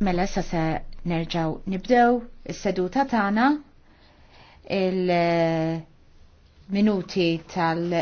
Mela sa se nerġaw nibdew is-seduta tagħna il-minuti eh, tal-